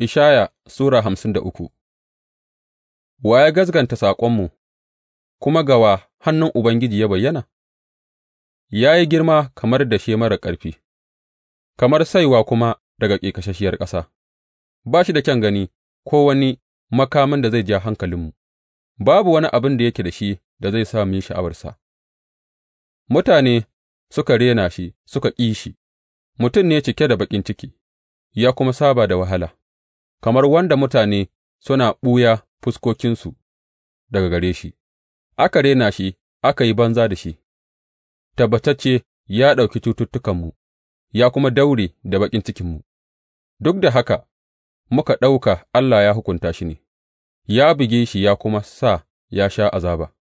Ishaya Sura hamsin da uku Wa ya gazganta saƙonmu, kuma ga wa hannun Ubangiji ya bayyana? Ya yi girma kamar da dashe marar ƙarfi, kamar saiwa kuma daga ƙeƙasasshiyar ƙasa, ba shi da kyan gani ko wani makamin da zai ja hankalinmu, babu wani abin da yake da shi da zai sa mu sha'awarsa. Mutane suka rena shi suka ƙi shi, mutum ne cike da baƙin ciki, ya kuma saba da wahala. kamar wanda mutane suna ɓuya fuskokinsu daga gare shi, aka rena shi aka yi banza da shi, tabbatacce ya ɗauki cututtukanmu ya kuma daure da baƙin cikinmu, duk da haka muka ɗauka Allah ya hukunta shi ne, ya buge shi ya kuma sa ya sha azaba,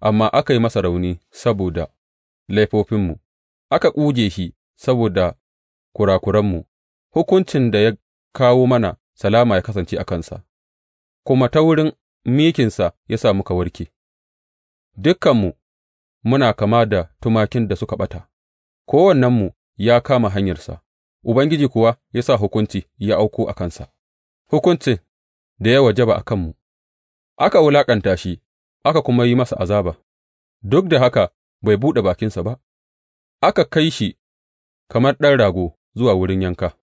amma aka yi masa rauni saboda laifofinmu, aka ƙuje shi saboda kurakuranmu, hukuncin da ya kawo mana salama ya kasance a kansa, kuma ta wurin mikinsa ya sa muka warke, dukanmu muna kama da tumakin da suka ɓata, kowannenmu ya kama hanyarsa, Ubangiji kuwa ya sa hukunci ya auko a kansa, hukuncin da ya wajaba a kanmu, aka wulaƙanta shi, aka kuma yi masa azaba, duk da haka bai buɗe bakinsa ba, aka kai shi kamar ɗan rago zuwa wurin yanka.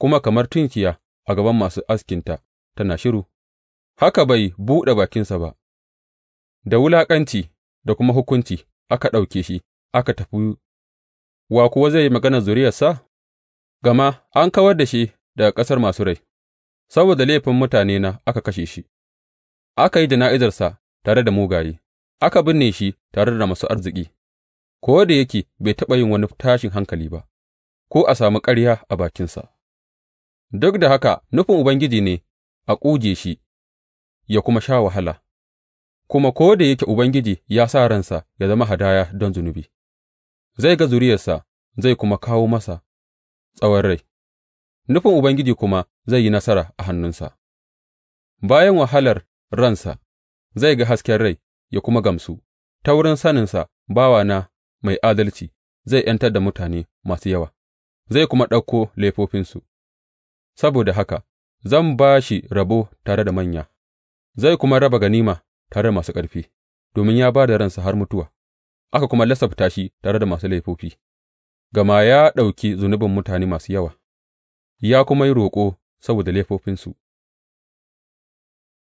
kuma kamar tunkiya a gaban masu askinta tana shiru, haka bai buɗe bakinsa ba, da wulaƙanci da kuma hukunci aka ɗauke shi aka tafi, wa kuwa zai yi maganar zuriyarsa? Gama an kawar da shi daga ƙasar masu rai, saboda laifin mutanena aka kashe shi, aka yi jana'izarsa tare da mugaye, aka binne shi tare da masu arziki, ko da yake bai taɓa yin wani tashin hankali ba, ko a sami ƙarya a bakinsa. Duk da haka nufin Ubangiji ne a ƙuje shi ya kuma sha wahala, kuma ko da yake Ubangiji ya sa ransa ya zama hadaya don zunubi, zai ga zuriyarsa zai kuma kawo masa tsawon rai, nufin Ubangiji kuma zai yi nasara a hannunsa; bayan wahalar ransa zai ga hasken rai ya kuma gamsu, ta wurin saninsa bawana mai adalci zai ’yantar da mutane masu yawa zai kuma ɗauko laifofinsu. Saboda haka zan ba shi rabo tare da manya zai kuma raba ganima tare da masu ƙarfi, domin ya ba da ransa har mutuwa aka kuma lissafta shi tare da masu laifofi, gama ya ɗauki zunubin mutane masu yawa ya kuma yi roƙo saboda laifofinsu.